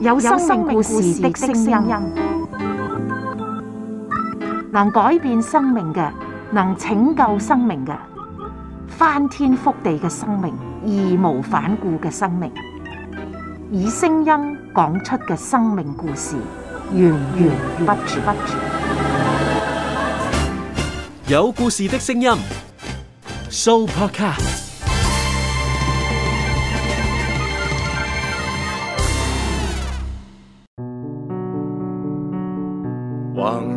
有生命故事的聲音，能改變生命嘅，能拯救生命嘅，翻天覆地嘅生命，義無反顧嘅生命，以聲音講出嘅生命故事，源源不絕。有故事的聲音，Soupercast。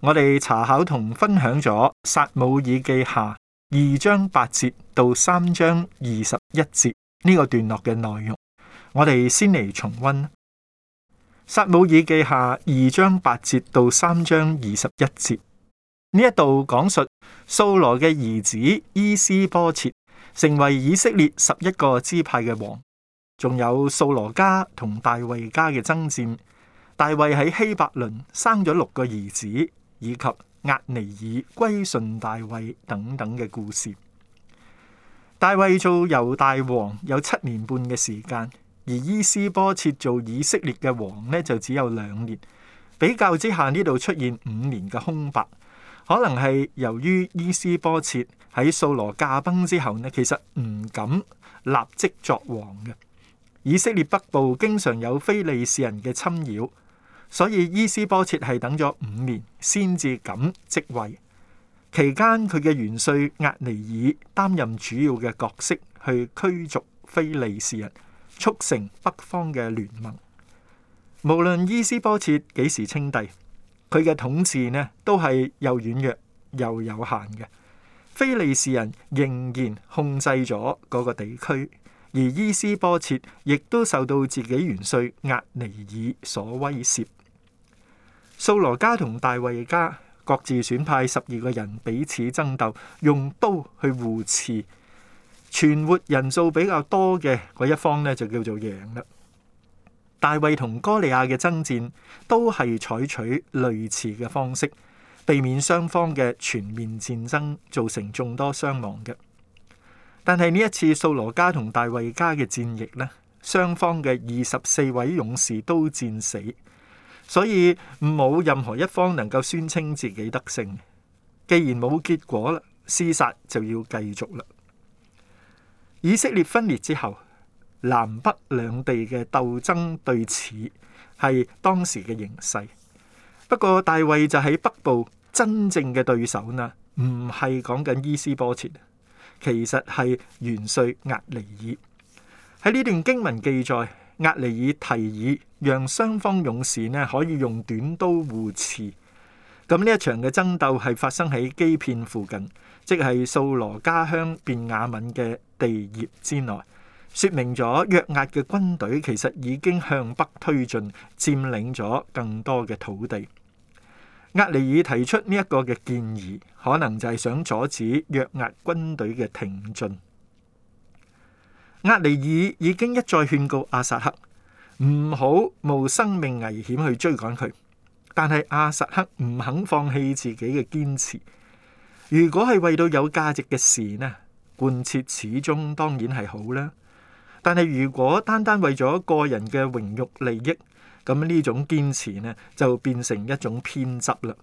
我哋查考同分享咗《撒母耳記下》二章八節到三章二十一節呢個段落嘅內容。我哋先嚟重溫《撒母耳記下》二章八節到三章二十一節，呢一度講述掃羅嘅兒子伊施波設成為以色列十一個支派嘅王，仲有掃羅家同大衛家嘅爭戰。大衛喺希伯崙生咗六個兒子，以及押尼珥歸順大衛等等嘅故事，大衛做猶大王有七年半嘅時間，而伊斯波切做以色列嘅王呢，就只有兩年。比較之下呢度出現五年嘅空白，可能係由於伊斯波切喺掃羅駕崩之後呢，其實唔敢立即作王嘅。以色列北部經常有非利士人嘅侵擾。所以伊斯波切係等咗五年先至敢即位，期間佢嘅元帥厄尼爾擔任主要嘅角色去驅逐非利士人，促成北方嘅聯盟。無論伊斯波切幾時稱帝，佢嘅統治呢，都係又軟弱又有限嘅。非利士人仍然控制咗嗰個地區，而伊斯波切亦都受到自己元帥厄尼爾所威懾。掃羅家同大衛家各自選派十二個人彼此爭鬥，用刀去互刺。存活人數比較多嘅嗰一方呢，就叫做贏啦。大衛同哥利亞嘅爭戰都係採取類似嘅方式，避免雙方嘅全面戰爭造成眾多傷亡嘅。但係呢一次掃羅家同大衛家嘅戰役呢，雙方嘅二十四位勇士都戰死。所以冇任何一方能夠宣稱自己得勝。既然冇結果啦，廝殺就要繼續啦。以色列分裂之後，南北兩地嘅鬥爭對峙係當時嘅形勢。不過，大衛就喺北部真正嘅對手呢，唔係講緊伊斯波切，其實係元帥押尼耳。喺呢段經文記載。厄利爾提議，讓雙方勇士呢可以用短刀互刺。咁呢一場嘅爭鬥係發生喺基遍附近，即係掃羅家鄉便雅憫嘅地業之內，說明咗約押嘅軍隊其實已經向北推進，佔領咗更多嘅土地。厄利爾提出呢一個嘅建議，可能就係想阻止約押軍隊嘅挺進。厄尼爾已經一再勸告阿薩克唔好冒生命危險去追趕佢，但係阿薩克唔肯放棄自己嘅堅持。如果係為到有價值嘅事呢，貫徹始終當然係好啦。但係如果單單為咗個人嘅榮譽利益，咁呢種堅持呢就變成一種偏執啦。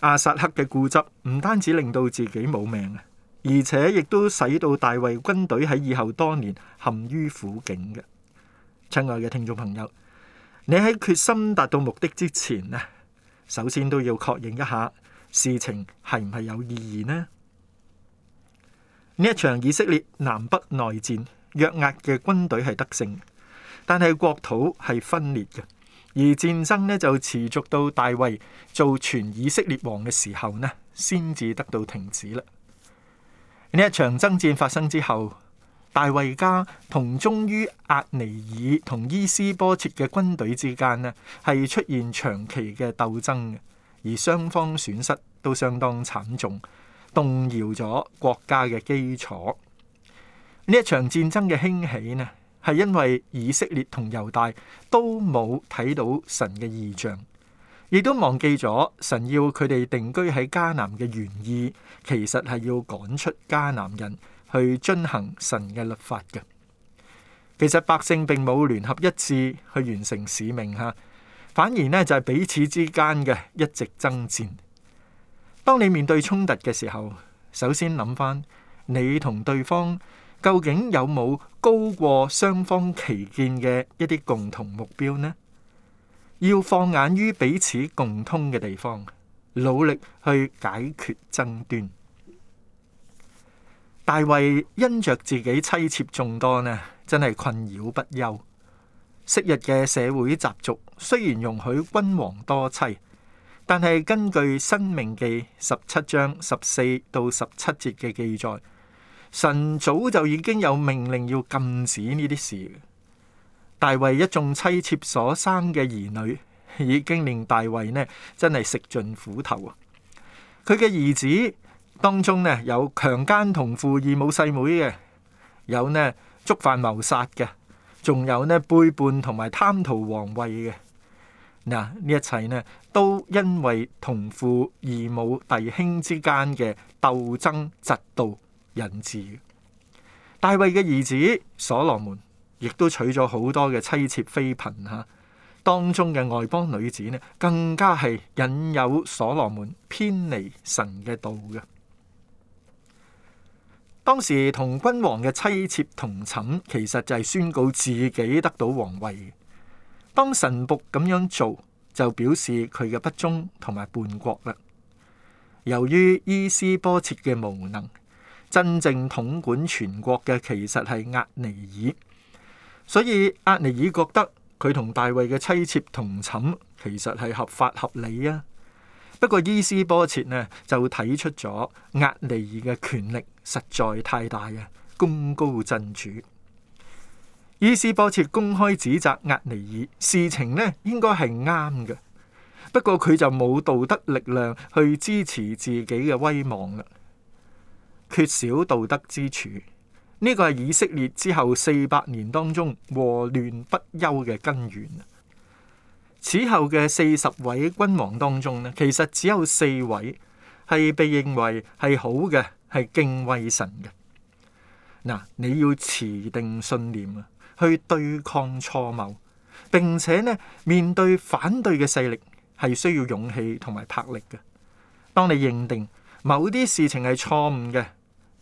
阿薩克嘅固執唔單止令到自己冇命啊！而且亦都使到大衛軍隊喺以後多年陷於苦境嘅。親愛嘅聽眾朋友，你喺決心達到目的之前呢，首先都要確認一下事情係唔係有意義呢？呢一場以色列南北內戰，約押嘅軍隊係得勝，但係國土係分裂嘅，而戰爭呢就持續到大衛做全以色列王嘅時候呢，先至得到停止啦。呢一場爭戰發生之後，大衛家同忠於阿尼爾同伊斯波切嘅軍隊之間咧，係出現長期嘅鬥爭嘅，而雙方損失都相當慘重，動搖咗國家嘅基礎。呢一場戰爭嘅興起呢，係因為以色列同猶大都冇睇到神嘅異象。亦都忘記咗神要佢哋定居喺迦南嘅原意，其實係要趕出迦南人去遵行神嘅律法嘅。其實百姓並冇聯合一致去完成使命吓，反而呢就係彼此之間嘅一直爭戰。當你面對衝突嘅時候，首先諗翻你同對方究竟有冇高過雙方歧見嘅一啲共同目標呢？要放眼於彼此共通嘅地方，努力去解決爭端。大衛因着自己妻妾眾多呢，真係困擾不休。昔日嘅社會習俗雖然容許君王多妻，但係根據申命記十七章十四到十七節嘅記載，神早就已經有命令要禁止呢啲事。大衛一眾妻妾所生嘅兒女，已經令大衛呢真係食盡苦頭啊！佢嘅兒子當中呢，有強姦同父異母細妹嘅，有呢觸犯謀殺嘅，仲有呢背叛同埋貪圖皇位嘅。嗱，呢一切呢都因為同父異母弟兄之間嘅鬥爭、嫉妒、引致。大衛嘅兒子所羅門。亦都娶咗好多嘅妻妾妃嬪吓、啊，當中嘅外邦女子呢，更加係引誘所羅門偏離神嘅道嘅。當時同君王嘅妻妾同寢，其實就係宣告自己得到皇位。當神僕咁樣做，就表示佢嘅不忠同埋叛國啦。由於伊斯波切嘅無能，真正統管全國嘅其實係厄尼爾。所以押尼珥覺得佢同大衛嘅妻妾同寢，其實係合法合理啊。不過伊斯波切呢就睇出咗押尼珥嘅權力實在太大啊，功高震主。伊斯波切公開指責押尼珥，事情呢應該係啱嘅，不過佢就冇道德力量去支持自己嘅威望啦，缺少道德支柱。呢個係以色列之後四百年當中禍亂不休嘅根源。此後嘅四十位君王當中咧，其實只有四位係被認為係好嘅，係敬畏神嘅。嗱，你要持定信念啊，去對抗錯謬，並且咧，面對反對嘅勢力係需要勇氣同埋魄力嘅。當你認定某啲事情係錯誤嘅。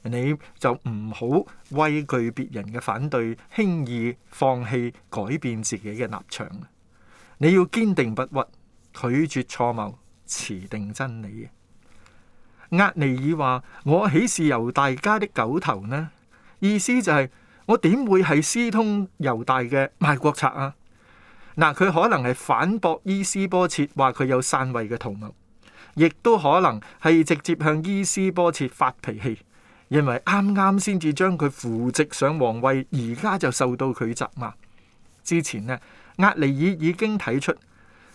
你就唔好畏懼別人嘅反對，輕易放棄改變自己嘅立場。你要堅定不屈，拒絕錯謀，持定真理。押尼珥話：我豈是猶大家的狗頭呢？意思就係、是、我點會係私通猶大嘅賣國賊啊？嗱，佢可能係反駁伊斯波切話，佢有篡位嘅圖謀，亦都可能係直接向伊斯波切發脾氣。因為啱啱先至將佢扶植上皇位，而家就受到佢責罵。之前呢，押尼珥已經睇出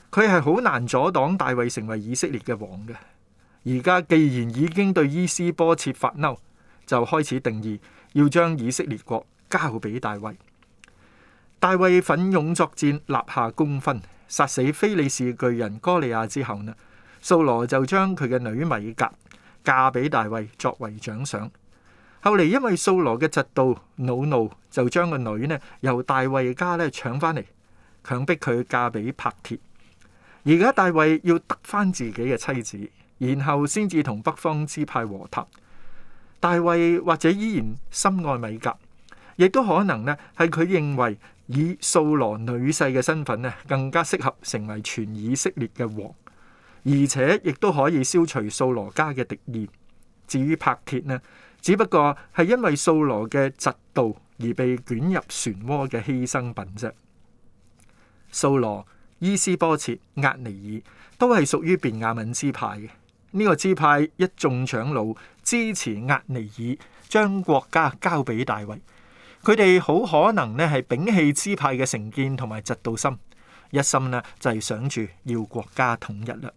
佢係好難阻擋大衛成為以色列嘅王嘅。而家既然已經對伊施波設發嬲，就開始定意要將以色列國交俾大衛。大衛奮勇作戰，立下功勳，殺死非利士巨人哥利亞之後呢，掃羅就將佢嘅女米甲嫁俾大衛作為獎賞。後嚟，因為素羅嘅嫉妒惱怒，勞勞就將個女呢由大衛家呢搶翻嚟，強迫佢嫁俾帕鐵。而家大衛要得翻自己嘅妻子，然後先至同北方支派和談。大衛或者依然深愛米格，亦都可能呢係佢認為以素羅女婿嘅身份呢更加適合成為全以色列嘅王，而且亦都可以消除素羅家嘅敵意。至於帕鐵呢？只不過係因為掃羅嘅嫉妒而被捲入漩渦嘅犧牲品啫。掃羅、伊斯波切、押尼珥都係屬於便雅憫支派嘅。呢、這個支派一眾長老支持押尼珥將國家交俾大衛，佢哋好可能咧係摒棄支派嘅成見同埋嫉妒心，一心咧就係、是、想住要國家統一嘞。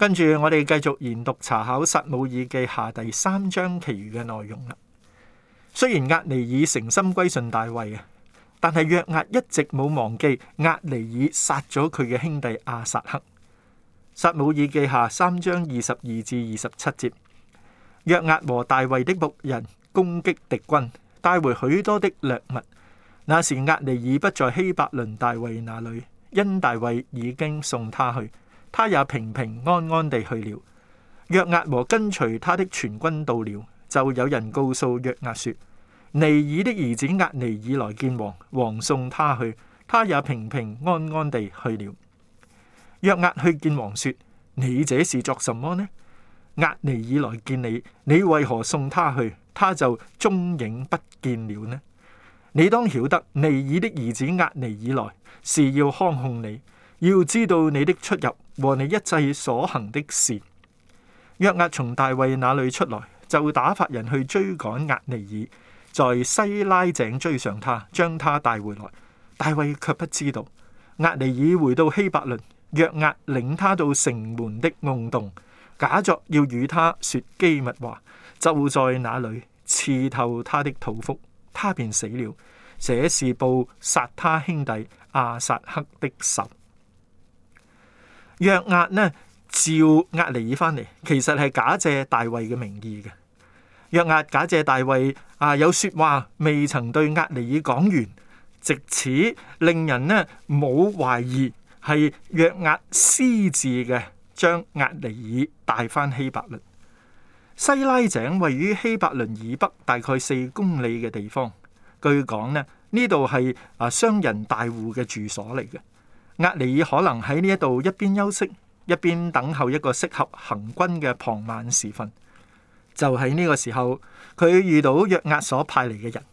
跟住我哋繼續研讀查考撒母耳記下第三章其餘嘅內容啦。雖然押尼爾誠心歸順大衛，但係約押一直冇忘記押尼爾殺咗佢嘅兄弟阿撒克。撒母耳記下三章二十二至二十七節，約押和大衛的僕人攻擊敵軍，帶回許多的掠物。那時押尼爾不在希伯崙大衛那裏，因大衛已經送他去。他也平平安安地去了。約押和跟隨他的全軍到了，就有人告訴約押說：尼耳的兒子押尼耳來見王，王送他去，他也平平安安地去了。約押去見王說：你這是作什麼呢？押尼耳來見你，你為何送他去？他就蹤影不見了呢？你當曉得尼耳的兒子押尼耳來是要看控你。要知道你的出入和你一切所行的事。約押從大衛那裏出來，就打發人去追趕押尼爾，在西拉井追上他，將他帶回來。大衛卻不知道。押尼爾回到希伯倫，約押領他到城門的暗洞，假作要與他說機密話，就在那裏刺透他的肚腹，他便死了。這是報殺他兄弟阿薩克的仇。約押呢，召押尼爾翻嚟，其實係假借大衛嘅名義嘅。約押假借大衛啊，有說話未曾對押尼爾講完，直至令人呢冇懷疑係約押私自嘅將押尼爾帶翻希伯崙。西拉井位於希伯崙以北大概四公里嘅地方，據講呢，呢度係啊商人大戶嘅住所嚟嘅。厄尼爾可能喺呢一度一邊休息一邊等候一個適合行軍嘅傍晚時分，就喺呢個時候佢遇到約押所派嚟嘅人，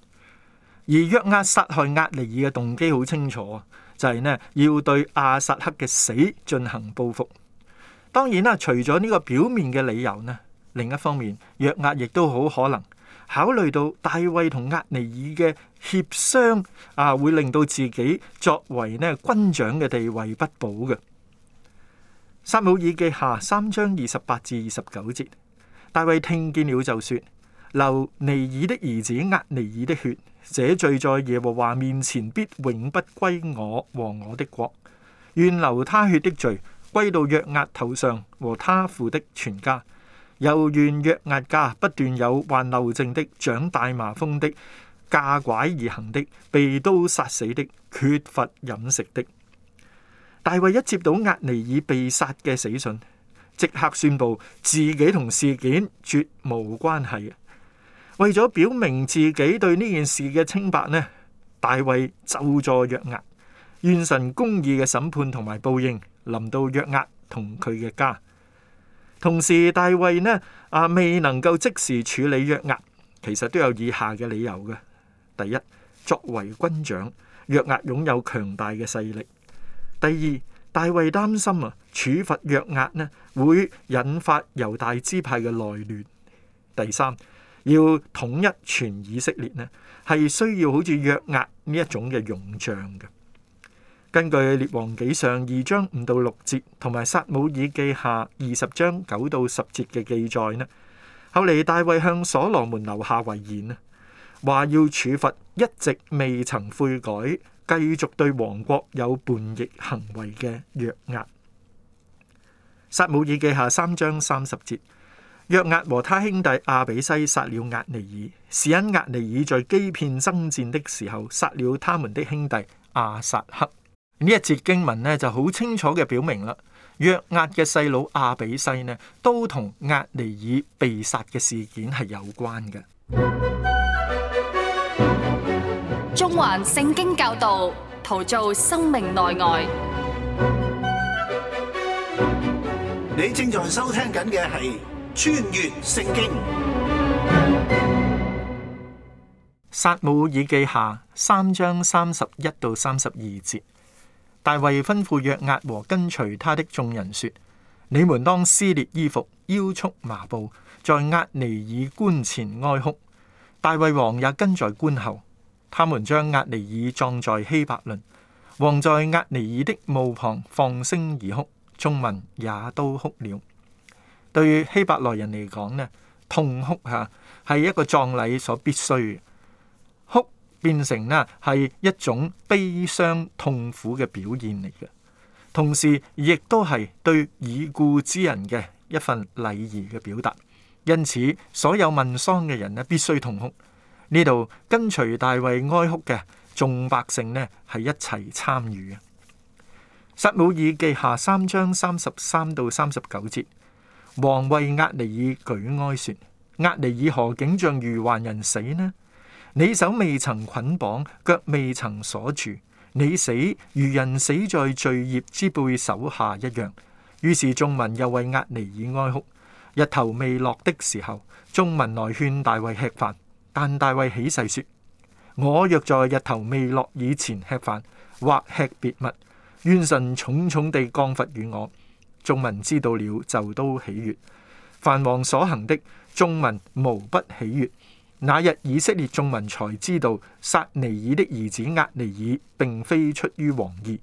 而約押殺害押尼珥嘅動機好清楚，就係、是、呢要對亞撒黑嘅死進行報復。當然啦，除咗呢個表面嘅理由呢，另一方面約押亦都好可能。考慮到大衛同押尼珥嘅協商，啊，會令到自己作為呢軍長嘅地位不保嘅。撒母耳記下三章二十八至二十九節，大衛聽見了，就說：流尼珥的兒子押尼珥的血，這罪在耶和華面前必永不歸我和我的國。願流他血的罪歸到約押頭上和他父的全家。又願約押家不斷有患漏症的、長大麻風的、架拐而行的、被刀殺死的、缺乏飲食的。大衛一接到押尼爾被殺嘅死訊，即刻宣布自己同事件絕無關係。為咗表明自己對呢件事嘅清白呢，大衛就助約押，願神公義嘅審判同埋報應臨到約押同佢嘅家。同時，大衛呢啊未能夠即時處理約押，其實都有以下嘅理由嘅。第一，作為軍長，約押擁有強大嘅勢力；第二，大衛擔心啊處罰約押呢會引發猶大支派嘅內亂；第三，要統一全以色列呢係需要好似約押呢一種嘅勇將嘅。根據《列王紀上》二章五到六節，同埋《撒母耳記下》二十章九到十節嘅記載呢，後嚟大衛向所羅門留下遺言啊，話要處罰一直未曾悔改、繼續對王國有叛逆行為嘅約押。《撒母耳記下》三章三十節，約押和他兄弟亞比西殺了亞尼爾，是因亞尼爾在基遍爭戰的時候殺了他們的兄弟亞撒黑。呢一節經文呢就好清楚嘅，表明啦，約押嘅細佬阿比西呢，都同押尼爾被殺嘅事件係有關嘅。中環聖經教導，陶造生命內外。你正在收聽緊嘅係《穿越聖經》，撒母耳記下三章三十一到三十二節。大衛吩咐約押和跟隨他的眾人說：你們當撕裂衣服，腰束麻布，在押尼珥棺前哀哭。大衛王也跟在棺後。他們將押尼珥葬在希伯崙，王在押尼珥的墓旁放聲而哭，眾民也都哭了。對於希伯來人嚟講呢，痛哭吓係一個葬禮所必須。變成呢係一種悲傷痛苦嘅表現嚟嘅，同時亦都係對已故之人嘅一份禮儀嘅表達。因此，所有問喪嘅人呢，必須痛哭。呢度跟隨大衛哀哭嘅眾百姓呢，係一齊參與嘅。撒母耳記下三章三十三到三十九節，王為押尼珥舉哀說：押尼珥何竟像愚頑人死呢？你手未曾捆綁，腳未曾鎖住。你死如人死在罪孽之輩手下一樣。於是眾民又為押尼珥哀哭。日頭未落的時候，眾民來勸大衛吃飯，但大衛起誓說：我若在日頭未落以前吃飯或吃別物，願神重重地降罰與我。眾民知道了，就都喜悅。凡王所行的，眾民無不喜悅。那日以色列眾民才知道撒尼爾的兒子厄尼爾並非出於王意。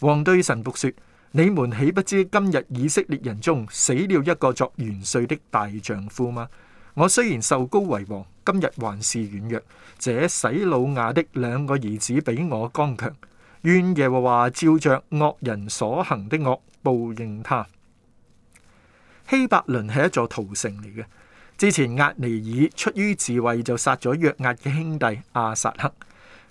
王對神父說：你們豈不知今日以色列人中死了一個作元帥的大丈夫嗎？我雖然受高為王，今日還是軟弱。這洗魯雅的兩個兒子比我剛強。願耶和華照着惡人所行的惡報應他。希伯崙係一座逃城嚟嘅。之前亞尼爾出於自衛，就殺咗約押嘅兄弟阿撒克。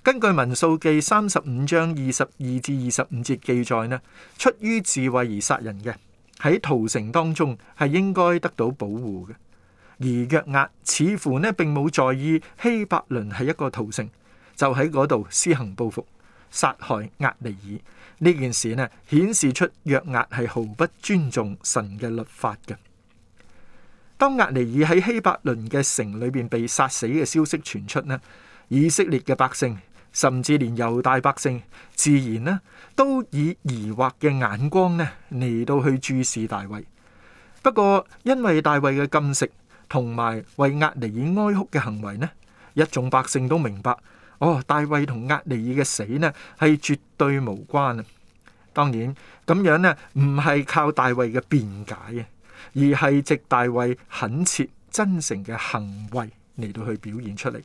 根據民數記三十五章二十二至二十五節記載呢，出於自衛而殺人嘅喺逃城當中係應該得到保護嘅。而約押似乎呢並冇在意希伯崙係一個逃城，就喺嗰度施行報復，殺害亞尼爾。呢件事呢，顯示出約押係毫不尊重神嘅律法嘅。當押尼珥喺希伯崙嘅城裏邊被殺死嘅消息傳出呢，以色列嘅百姓，甚至連猶大百姓，自然呢都以疑惑嘅眼光呢嚟，到去注視大衛。不過因為大衛嘅禁食同埋為押尼珥哀哭嘅行為呢，一眾百姓都明白，哦，大衛同押尼珥嘅死呢係絕對無關啊。當然咁樣呢唔係靠大衛嘅辯解啊。而係藉大衛懇切、真誠嘅行為嚟到去表現出嚟。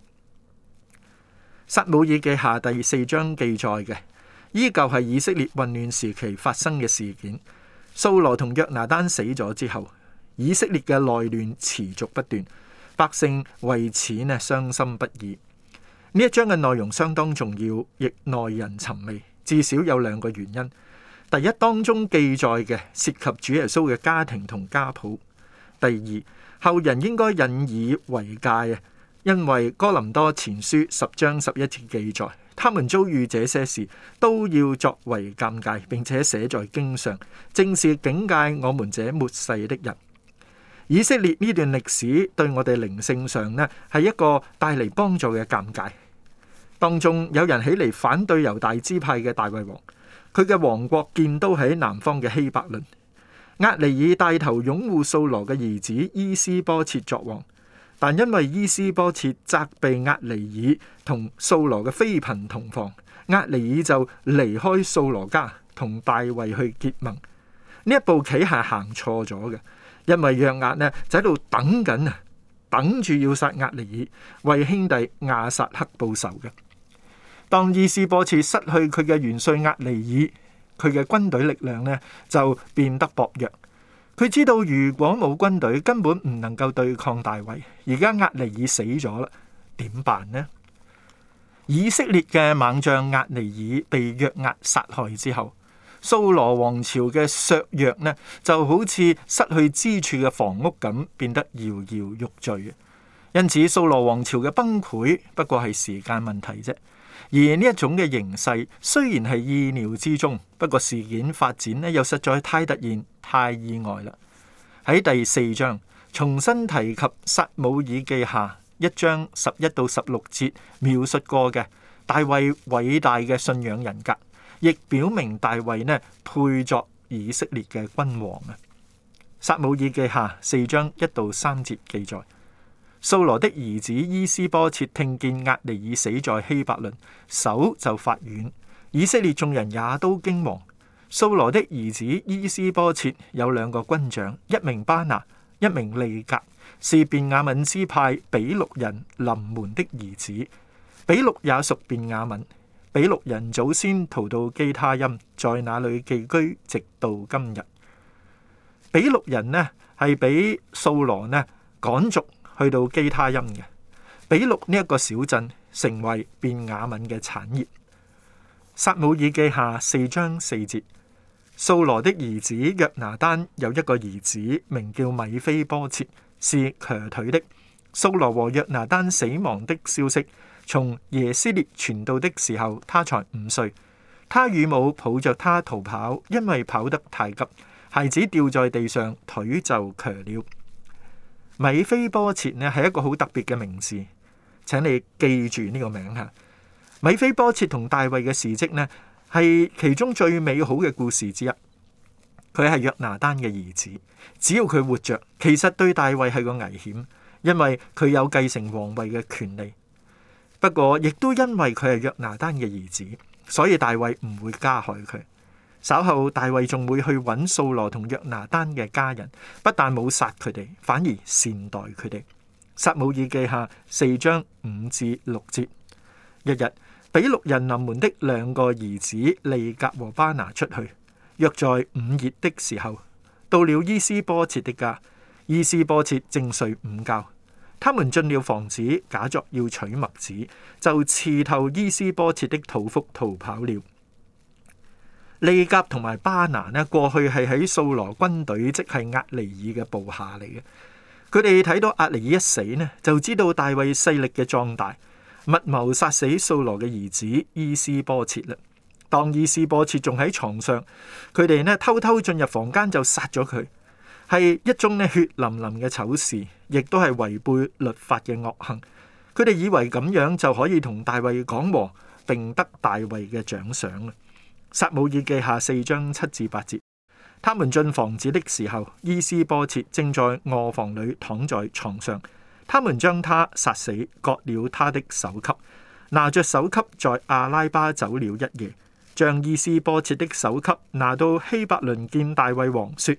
撒母耳記下第四章記載嘅，依舊係以色列混亂時期發生嘅事件。掃羅同約拿單死咗之後，以色列嘅內亂持續不斷，百姓為此呢傷心不已。呢一章嘅內容相當重要，亦耐人尋味。至少有兩個原因。第一，當中記載嘅涉及主耶穌嘅家庭同家譜。第二，後人應該引以為戒啊，因為哥林多前書十章十一節，記載，他們遭遇這些事都要作為鑒戒，並且寫在經上，正是警戒我們這末世的人。以色列呢段歷史對我哋靈性上呢係一個帶嚟幫助嘅鑒戒。當中有人起嚟反對猶大支派嘅大衛王。佢嘅王國建都喺南方嘅希伯倫。厄尼爾帶頭擁護掃羅嘅兒子伊斯波切作王，但因為伊斯波切責備厄尼爾同掃羅嘅妃嬪同房，厄尼爾就離開掃羅家，同大衛去結盟。呢一步棋係行錯咗嘅，因為約押呢就喺度等緊啊，等住要殺厄尼爾，為兄弟亞撒黑報仇嘅。當伊斯波茨失去佢嘅元帥押尼珥，佢嘅軍隊力量呢就變得薄弱。佢知道如果冇軍隊，根本唔能夠對抗大衛。而家押尼珥死咗啦，點辦呢？以色列嘅猛將押尼珥被約押殺害之後，蘇羅王朝嘅削弱呢，就好似失去支柱嘅房屋咁，變得搖搖欲墜。因此，蘇羅王朝嘅崩潰不過係時間問題啫。而呢一種嘅形勢雖然係意料之中，不過事件發展呢又實在太突然、太意外啦。喺第四章重新提及撒母耳記下一章十一到十六節描述過嘅大衛偉大嘅信仰人格，亦表明大衛呢配作以色列嘅君王啊。撒母耳記下四章一到三節記載。掃羅的兒子伊斯波切聽見押尼爾死在希伯崙，手就發軟。以色列眾人也都驚惶。掃羅的兒子伊斯波切有兩個軍長，一名巴拿，一名利甲，是便雅憫支派比錄人臨門的兒子。比錄也屬便雅憫，比錄人祖先逃到基他音，在那裏寄居，直到今日。比錄人呢係俾掃羅呢趕逐。去到基他音嘅，比錄呢一個小鎮成為便雅憫嘅產業。撒母耳記下四章四節，掃羅的兒子約拿單有一個兒子名叫米非波設，是瘸腿的。掃羅和約拿單死亡的消息從耶斯列傳到的時候，他才五歲。他與母抱着他逃跑，因為跑得太急，孩子掉在地上，腿就瘸了。米菲波切呢係一個好特別嘅名字，請你記住呢個名吓。米菲波切同大衛嘅事蹟呢，係其中最美好嘅故事之一。佢係約拿丹嘅兒子，只要佢活着，其實對大衛係個危險，因為佢有繼承皇位嘅權利。不過，亦都因為佢係約拿丹嘅兒子，所以大衛唔會加害佢。稍後大衛仲會去揾掃羅同約拿單嘅家人，不但冇殺佢哋，反而善待佢哋。撒母耳記下四章五至六節：一日，日，比錄人臨門的兩個兒子利甲和巴拿出去，約在午熱的時候，到了伊施波設的家，伊施波設正睡午覺，他們進了房子，假作要取麥子，就刺透伊施波設的肚腹，逃跑了。利甲同埋巴拿咧，過去係喺掃羅軍隊，即係押尼爾嘅部下嚟嘅。佢哋睇到押尼爾一死咧，就知道大衛勢力嘅壯大，密謀殺死掃羅嘅兒子伊施波設啦。當伊施波設仲喺床上，佢哋咧偷偷進入房間就殺咗佢，係一宗咧血淋淋嘅醜事，亦都係違背律法嘅惡行。佢哋以為咁樣就可以同大衛講和，並得大衛嘅獎賞啦。撒母耳記下四章七至八節，他們進房子的時候，伊斯波切正在臥房裏躺在床上。他們將他殺死，割了他的首級，拿着首級在阿拉巴走了一夜。將伊斯波切的首級拿到希伯崙見大衛王，說：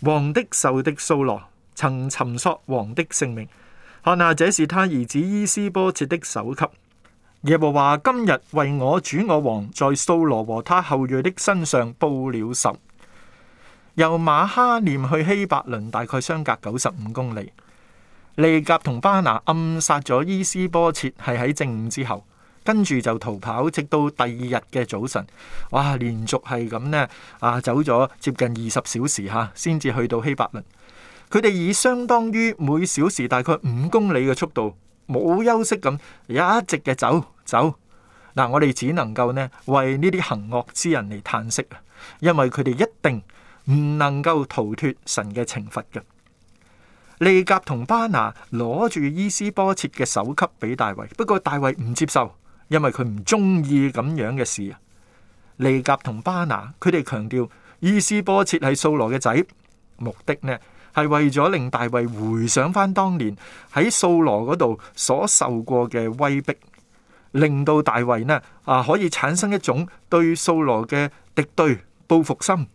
王的仇敵蘇羅曾尋索王的性命，看哪，這是他兒子伊斯波切的首級。耶和華今日為我主我王在掃羅和他後裔的身上報了仇。由馬哈念去希伯倫大概相隔九十五公里。利甲同巴拿暗殺咗伊斯波切係喺正午之後，跟住就逃跑，直到第二日嘅早晨。哇，連續係咁咧，啊，走咗接近二十小時吓，先、啊、至去到希伯倫。佢哋以相當於每小時大概五公里嘅速度。冇休息咁，一直嘅走走。嗱，我哋只能夠呢，為呢啲行惡之人嚟嘆息，因為佢哋一定唔能夠逃脫神嘅懲罰嘅。利甲同巴拿攞住伊斯波切嘅首級俾大衛，不過大衛唔接受，因為佢唔中意咁樣嘅事啊。利甲同巴拿，佢哋強調伊斯波切係掃羅嘅仔，目的呢？係為咗令大衛回想翻當年喺掃羅嗰度所受過嘅威逼，令到大衛呢啊可以產生一種對掃羅嘅敵對報復心，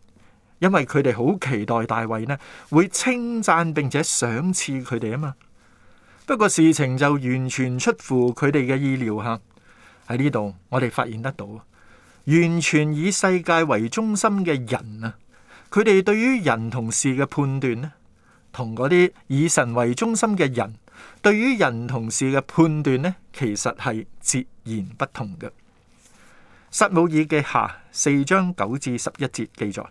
因為佢哋好期待大衛呢會稱讚並且賞賜佢哋啊嘛。不過事情就完全出乎佢哋嘅意料吓，喺呢度我哋發現得到，完全以世界為中心嘅人啊，佢哋對於人同事嘅判斷呢？同嗰啲以神為中心嘅人，對於人同事嘅判斷呢，其實係截然不同嘅。撒母耳嘅下四章九至十一節記載，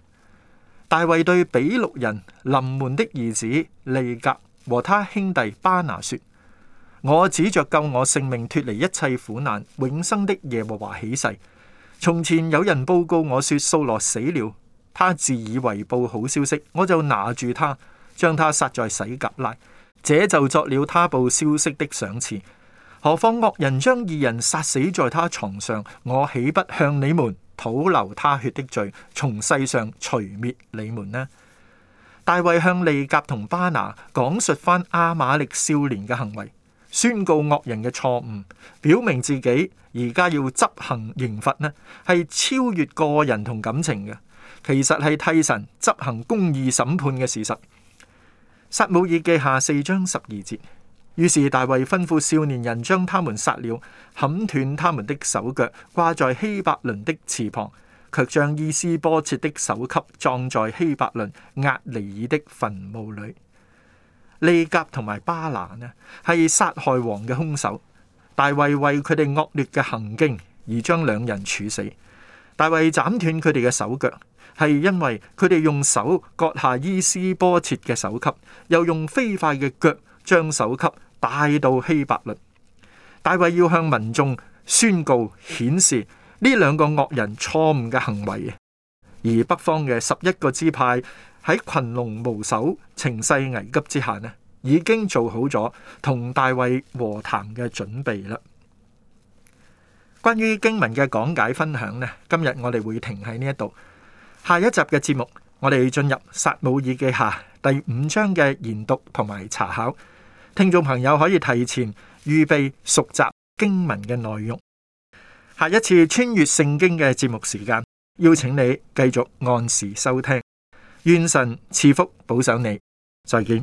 大衛對比錄人臨門的兒子利格和他兄弟巴拿說：我指着救我性命脫離一切苦難永生的耶和華起誓，從前有人報告我說掃羅死了，他自以為報好消息，我就拿住他。將他殺在洗革拉，這就作了他報消息的賞賜。何況惡人將二人殺死在他床上，我豈不向你們討流他血的罪，從世上除滅你們呢？大衛向利甲同巴拿講述翻阿瑪力少年嘅行為，宣告惡人嘅錯誤，表明自己而家要執行刑罰呢，係超越個人同感情嘅，其實係替神執行公義審判嘅事實。撒母耳記下四章十二節，於是大衛吩咐少年人將他們殺了，砍斷他們的手腳，掛在希伯倫的池旁，卻將伊斯波切的首級葬在希伯倫押尼珥的墳墓裏。利甲同埋巴拿呢，係殺害王嘅凶手，大衛為佢哋惡劣嘅行徑而將兩人處死，大衛斬斷佢哋嘅手腳。係因為佢哋用手割下伊施波設嘅首級，又用飛快嘅腳將首級帶到希伯倫。大衛要向民眾宣告，顯示呢兩個惡人錯誤嘅行為。而北方嘅十一個支派喺群龍無首、情勢危急之下呢，已經做好咗同大衛和談嘅準備啦。關於經文嘅講解分享呢，今日我哋會停喺呢一度。下一集嘅節目，我哋進入撒母耳記下第五章嘅研讀同埋查考。聽眾朋友可以提前預備熟習經文嘅內容。下一次穿越聖經嘅節目時間，邀請你繼續按時收聽。願神賜福、保守你。再見。